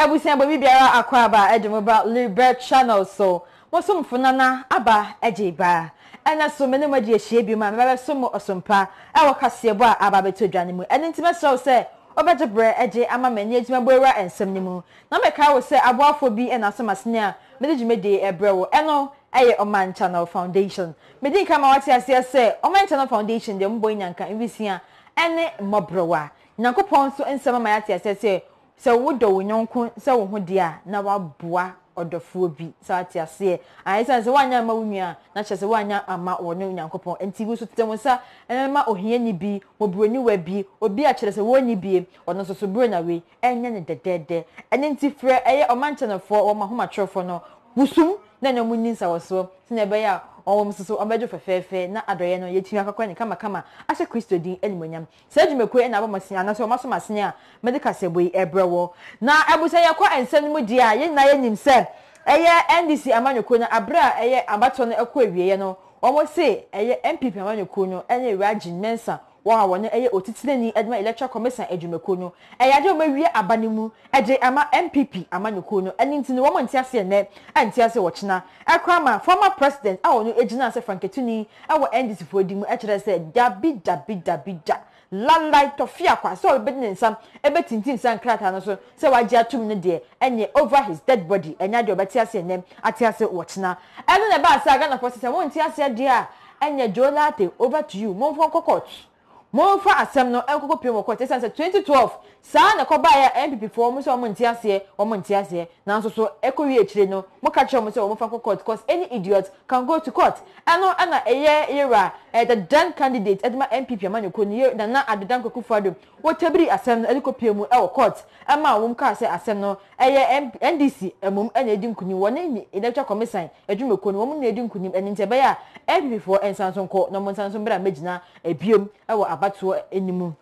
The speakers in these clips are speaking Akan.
abusua baabi biara akɔ aba ɛde mo ba libert channel so mosomfo nana aba ɛgye ba ɛna so me ne mo agye ahyia bi mu a mebɛbɛ so mo ɔsompa ɛwɔ kaseɛbɔ a aba abɛto dwa ne mu ɛne nti mɛsrɛ wo sɛ wobɛgye berɛ ɛgye ama m'ani adwuma bɔwura nsɛm no mu na mɛka wo sɛ aboafoɔ bi ɛna asom asene a mede dwumadie ɛbrɛ wo ɛno ɛyɛ ɔman channel foundation medi nka ma wate aseɛ sɛ ɔman channel foundation deɛ mbɔ nyanka nwisia ɛne mmɔborɔwa nyankopɔn nso nsɛm ama yɛate aseɛ sɛ sɛ wodɔ wo nyɔnko sɛ wo ho deɛ a na waboa ɔdɔfoɔ bi sɛ ate aseɛ ayɛsane sɛ woanyɛ ama wo nua a na kyerɛ sɛ woanyɛ ama wɔne onyankopɔn nti wo so tetɛ wo nsa ɛma ohiani bi mɔburoniwa bi obi a kyerɛ sɛ wɔnni bie ɔno nso so buro na wei ɛnyɛ ne dɛdɛɛdɛ ɛne nti frɛ ɛyɛ ɔmankyɛnefoɔ wɔma ahomatwerɛfoɔ no busum na na munyi nsawosoɔ sɛnea ɛbɛyɛ a ɔwɔ mu soso ɔbɛdwo fɛfɛɛfɛ na adɔyɛ no yɛtumi akɔkɔ ne kamakama ahyɛ kristo din animonyam saa dwumakuo ɛna abɔmɔsen anaasɛ ɔma som asene a mɛde kasɛbɔ yi ɛbrɛ wɔ na abusua yɛkɔ nsɛm no mu deɛ a yɛn nyinaa yɛnim sɛ ɛyɛ ndc amanyɔkuo no abere a ɛyɛ abatɔ no ɛkɔ awieɛ no wɔn se ɛyɛ npp amanyɔkuo no ɛne ewura agyin mɛnsa wɔn a wɔn yɛ ni ɛdima electoral commission adwumakuo no ɛyɛ adeɛ wɔn awie aba ne mu ɛde ama npp amanyɔkuo no ɛne nti no wɔn nti aseɛ nɛ ɛnti aseɛ wɔkyena ɛkora ma former president a wɔn egyina sɛ franketuni ɛwɔ ndc foɔ di mu ɛkyerɛ sɛ dabi dabi dabi da lalai tɔfi akwa sɛ ɔbɛdi ne nsa ɛbɛtintin nsa nkrataa no so sɛ wagye atum no deɛ ɛnyɛ over his dead body ɛnyɛ adeɛ ɔbɛte aseɛ nɛm ate ase wɔkyena ɛno na ɛbaa sɛ aghanafoɔ sɛ sɛ wɔn nti aseɛ deɛ a ɛnyɛ joe latte over to you mo nfɔ momfa asɛm no nkokɔ piem wɔ kɔte sɛn sɛ 2012 saa na ɛkɔbaeɛ a npp foɔ ɔmo sɛ ɔmo nte aseɛ ɔmo nte aseɛ nanso so ɛkɔwie akyire no moka kyerɛ ɔmo sɛ ɔmo fa nkɔ court cause any idiot can go to court ɛno ɛna ɛyɛ yɛwura ɛyɛ dadan candidate ɛde ma npp ama ne ko ne yɛ nana adedan koko fo adom wɔtabiri asɛm no ɛde kɔ piem ɛwɔ court ɛma wɔn kaa sɛ asɛm no ɛyɛ ndc ɛmom ɛna edi nkunim wɔn ne electoral commission adwumako no wɔn na edi nkunim ɛne nti ɛbɛyɛ a npp foɔ nsanso nkɔ na ab abatoɔ anim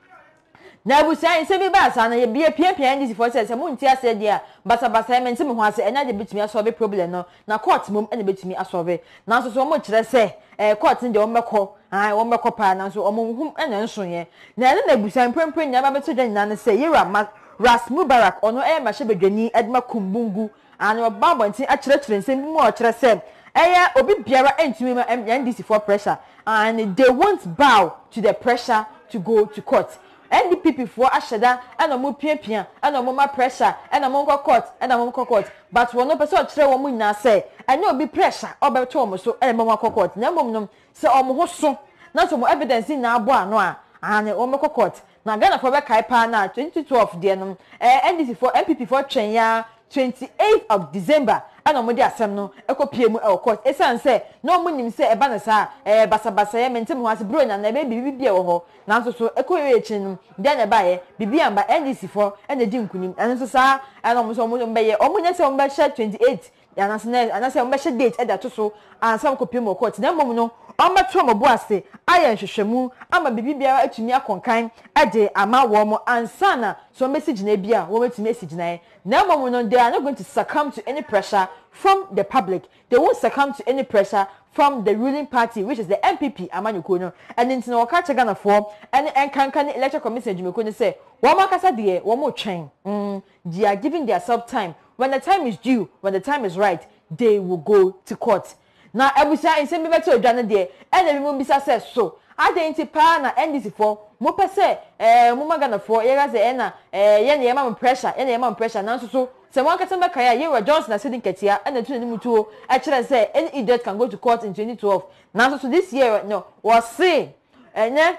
na abusua nsɛm bi baasa no yɛbie piapia ndc foɔ sɛ sɛ monte aseɛ deɛ a basabasa mɛnte me ho ase ɛna de bɛtumi asɔre problem no na court mom ɛna bɛtumi asɔre nanso so wɔmɔkyerɛ sɛ ɛɛ eh, court no deɛ wɔmmɛkɔ aa wɔmmɛkɔ paa nanso wɔn ho ɛna nsoeɛ na ɛne na abusua mprempren nyinaa bɛbɛtɔ dwa nyinaa no sɛ yɛwura ma ras mubarak ɔno ɛyɛ mahyɛbadwani ɛdema kumbungu ana ɔba abɔnten akyerɛkyerɛ nsɛm bi mu a ɔkyerɛ sɛ ɛyɛ obi biara ntumi ma ndc foɔ pressure and they won't bow to the pressure to go to court ndpp foɔ ahyɛ da ɛna wɔn piapia ɛna wɔn ma pressure ɛna wɔn kɔ court ɛna wɔn kɔ court but wɔn pɛ sɛ ɔkyerɛ wɔn nyinaa sɛ ɛnyɛ obi pressure ɔbɛtɔ wɔn so ɛna wɔn akɔ court na mmom no sɛ wɔn ho so na sɛ wɔn evidence nyinaa abɔ ano a ahane wɔn kɔ court na ghana foɔ bɛkae paa na twenty 2012 deɛ no ɛɛ ndc foɔ npp foɔ twɛn ya twenty eight of december ɛna wɔn de asɛm no ɛkɔ pie mu ɛwɔ court esan sɛ na wɔn nim sɛ ɛba ne saa ɛɛ eh, basabasa yɛ mɛntɛm ho ase buro nyana ɛbɛ bibi bi ɛwɔ hɔ nanso so ɛkɔ yɛ akyi no deɛ na ɛba yɛ bibi amba ndc fɔ ɛna di nkunim ɛno nso saa ɛna wɔn nso wɔn bɛyɛ wɔn nyɛ sɛ wɔn bɛhyɛ twenty eight anase anase wɔn bɛhyɛ date ɛda to so ansa wɔn kɔ pie mu wɔ court na mmom no ɔmmɛto ɔmo bo ase ayɛ nhwehwɛmu ama biribi biara atumi akɔnkan de ama wɔn mo ansa na so wɔn bɛsi gyina bi a wɔn atumi asi gyina yɛ na mmom no they are not going to succumb to any pressure from the public they won't succumb to any pressure from the ruling party which is the npp amanyɔkuo no ɛne ntina wɔka kyɛ ghanafoɔ ɛne nkankan ne electoral commission adwumakuo no sɛ wɔn akasa deɛ wɔn retwɛn mm they are giving their self time when the time is due when the time is right they will go to court na abusua nsɛm bi bɛtɛ odwa no deɛ ɛna ebi mu bisa sɛ so adan ti paa na ndc foɔ mo pɛ sɛ ɛɛ mo ma ghana foɔ yɛrɛ sɛ ɛna eh, ɛɛ yɛn na eh, yɛn ma mo pressure yɛn na yɛn ma mo pressure nanso so sɛ wɔn akata mbɛka yɛ a yɛwura johnson asedi nkɛtea ɛna etu n'anim tuo ɛkyerɛ e sɛ any idiot can go to court in twenty twelve nanso so this year no wɔse ɛnyɛ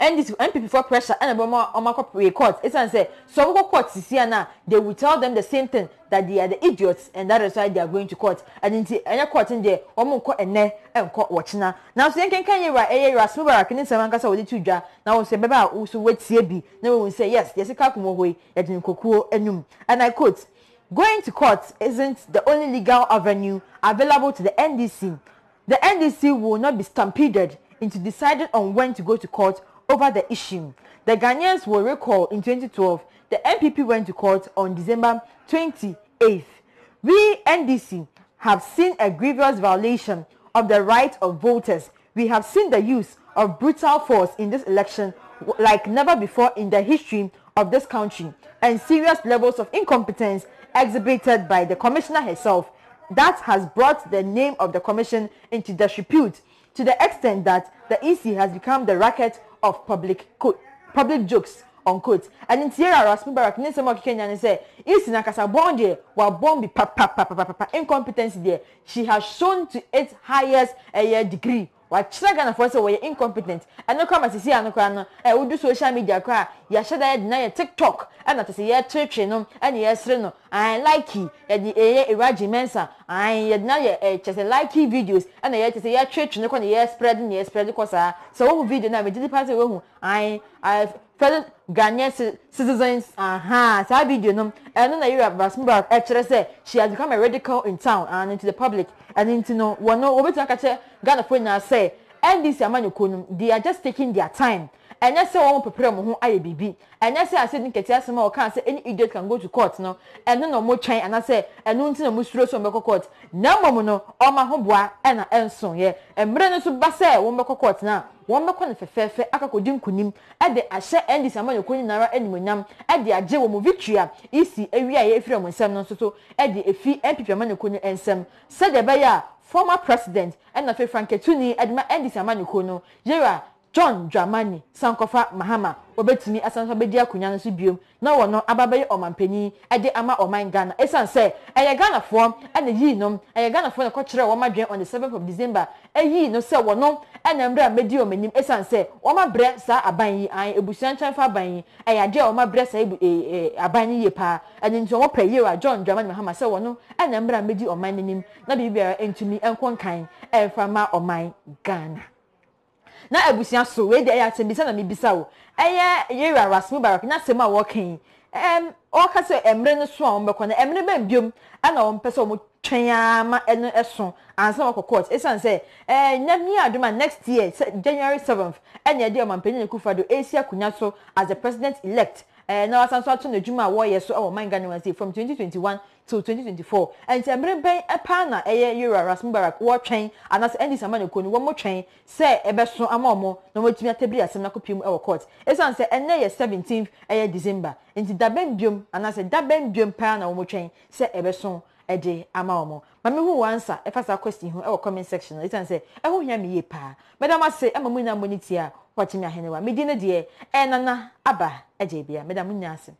ndc npp for pressure ɛna bɛ ɔmo ɔmo akɔ court esan sɛ so ɔmo kɔ court sisi ana they will tell them the same thing that they are the idiots and that is why they are going to court ɛdi nti ɛnyɛ court n deɛ ɔmo nkɔ ɛnɛ ɛnkɔ wɔkyena nanso yɛn kankan yɛ wura ɛyɛ wura small barak ne nsɛm ankasa wɔde tu dwa na wɔn sɛ bɛbɛ a ah, wɔso wɔtie bi na wɔn sɛ yes yɛsi kakumo hɔ yi yɛde nkokuo anim and i quote going to court isn't the only legal avenue available to the ndc the ndc will not be stampeded into deciding on when to go to court over the issue. The Ghanaians will recall in 2012 the MPP went to court on December 28th. We NDC have seen a grievous violation of the right of voters. We have seen the use of brutal force in this election like never before in the history of this country and serious levels of incompetence exhibited by the commissioner herself that has brought the name of the commission into disrepute to the extent that the EC has become the racket of public co public jokes unquote ɛne nti yɛrɛ arasmi barak ne nsɛm a ɔkeka nya ne sɛ isi na kasa bɔn deɛ wabɔn bi papapapapapa incompetency deɛ she has shown to its highest ɛyɛ degree wakyerɛ ghanafoɔ sɛ wɔyɛ incompetent ɛno kora ma sisi ano kora no ɛ wodu social media kora a yɛahyɛ da yɛde na yɛ tiktok ɛna te sɛ yɛtwetwe no ɛna yɛsere no ɛn like yɛde ɛyɛ ewuraji mensa ɛn yɛde na yɛ ɛ kyɛ sɛ like videos ɛna yɛ te sɛ yɛtwetwe no kɔ na yɛspread na yɛspread kɔ saa sɛ wohu video no a megye nipa sɛ wohu ɛn ɛf present ghanaian citizens aha saa video no ɛno na yɛwura basmubarak ɛkyerɛ sɛ she has become a radical in town and into the public ɛne nti no wɔn no wɔbɛtumi aka kyɛ ghana fo nyinaa sɛ ndc amanyɔkuo no they are just taking their time ɛnyɛ sɛ wɔn pepere wɔn ho ayɛ biribi ɛnyɛ sɛ ase nkete asɛm a wɔka sɛ any idiot can go to court no ɛno na wɔn twɛn anaasɛ ɛno nti na wɔn suro so wɔn bɛkɔ court na mmom no wɔn ahoboa ɛna ɛnsoyɛ mmerɛ no nso ba sɛ wɔn bɛkɔ court na wɔn bɛkɔ no fɛfɛɛfɛ akakɔdi nkunim ɛde ahyɛ ndc amanyɔkuo nyinara animonyam ɛde agye wɔn victory a esi awie a yɛfiri wɔn nsɛm no nso so ɛde efi npp amanyɔkuo no nsɛm sɛdeɛ ɛbɛyɛ a former president ɛna afei franketuni ɛde ma ndc amanyɔkuo no yɛrɛ a john dramani sankofa mahama obetumi asanso bedi akonnwa no so biom na wɔn no aba bɛyɛ ɔmanpanyin ama ɔman ghana esan sɛ ɛyɛ ghanafoɔ ɛna yii nom ɛyɛ ghanafoɔ na kɔkyerɛ wɔn adwene on the seventh of december ɛyii no sɛ wɔn no ɛna mmerɛ a medi wɔn anim esan sɛ wɔn abrɛ saa aban yi an ebusua nkyɛnfa aban yi ɛyɛ adeɛ a wɔn abrɛ saa ebu ee eh, ee eh, aban yi yie paa ɛne nti wɔn pɛ yie wa john dramani mahama sɛ wɔn no ɛna mmerɛ a medi ɔman n'anim na biribiara ntumi nkɔnkan ghana na abusua so wei deɛ ɛyɛ asɛm bisa na mebisa wo ɛyɛ yɛwura rasmu barak na asɛm a wɔka yi ɛm ɔka sɛ mmerɛ no so a wɔmbɛkɔ no mmerɛ bɛn biom ɛna wɔmpɛ sɛ wɔtwɛn ama ɛno ɛso ansa wɔkɔ court ɛsiane sɛ ɛɛ nam yi adoma next year january seventh ɛna ɛde ɔmampanin ekufa do esi akonnwa so as the president elect ɛɛ na wasan so ato n'adwuma a wɔyɛ so ɛwɔ man ghana wansi from twenty twenty one till twenty twenty four ɛnti mmerɛ bɛn ɛpaa na ɛyɛ yura ras mubarak wɔtwɛn anaasɛ ɛndi sama ne kɔn wɔn twɛn sɛ ɛbɛso ama wɔn na wɔn atumi atabiri asɛm n'akɔ pie mu ɛwɔ court ɛsan sɛ ɛnɛ yɛ seventeen ɛyɛ december nti dabɛn biom anaasɛ dabɛn biom paa na wɔn twɛn sɛ ɛbɛso ɛde ama wɔn maame hu wɔn ansa ɛfa saa question ho ɛwɔ comment section na ɛsan sɛ eh, ɛho hia mi yie paa madam ase ɛma mu nyinaa mo ne tia wɔkye mi ahenewa mi di ne deɛ ɛnana eh, aba ɛgye bia madam nyinaa ase.